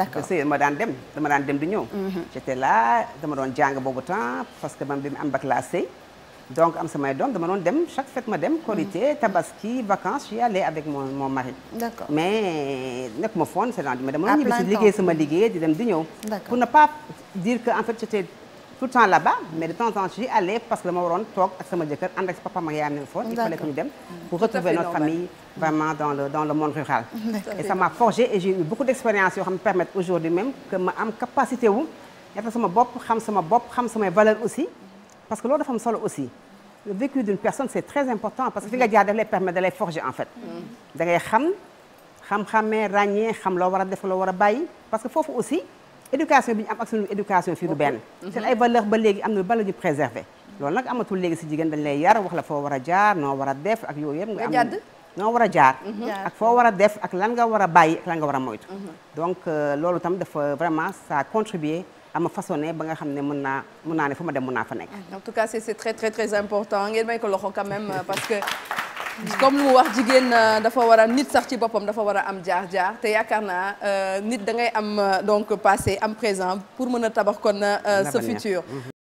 d'accord te sëyal ma daan dem dama daan dem di ñëw mm-hmm. j'étais là dama doon jàng boobu temps parce que man bi mu am bac laa donc am samay doom dama doon dem chaque fête ma dem mm-hmm. korité tabaski vacances j'y allais avec mon mon mari d'accord mais nekk ma foon c'est rendu mais dama doon ñibbi si liggéey sama liggéey di dem di ñëw pour ne pas dire que en fait j'étais tout le temps là-bas mais de temps temps je suis parce que dama waroon toog ak sama jëkkër papa ma yaayam ne foofu il fallait que ñu dem pour retrouver notre famille vraiment dans le monde rural et ça m'a forgé et j'ai eu beaucoup d'expérience yoo xam ne permettre aujourd'hui même que ma am capacité wu yaatal sama bopp xam sama bopp xam samay valeur aussi parce que loolu dafa am solo aussi le vécu d'une personne c'est très important parce que fi nga jaar mm. xam xam war def loo war a bàyyi parce éducation bi ñu am ak suñu éducation fii du benn mhm. seen ay valeur ba léegi am na bala ñu préserver loolu nag amatul léegi si jigéen dañ yar wax la foo war a jaar noo war a def ak yooyu yëpp nga am noo war a jaar mhm. ak foo war a def ak lan nga war a bàyyi ak lan nga war a moytu mhm. donc euh, loolu tam dafa vraiment ça a contribué ama façonné ba nga xam ne mën naa ne fu ma dem mën naa fa nekk en tout cas c'est très très comme lu mu wax jigéen euh, dafa war a nit sax ci boppam dafa war a am jaar jaar te yaakaar naa euh, nit da ngay am euh, donc passé am présent pour mën a tabax kon sa futur mhm.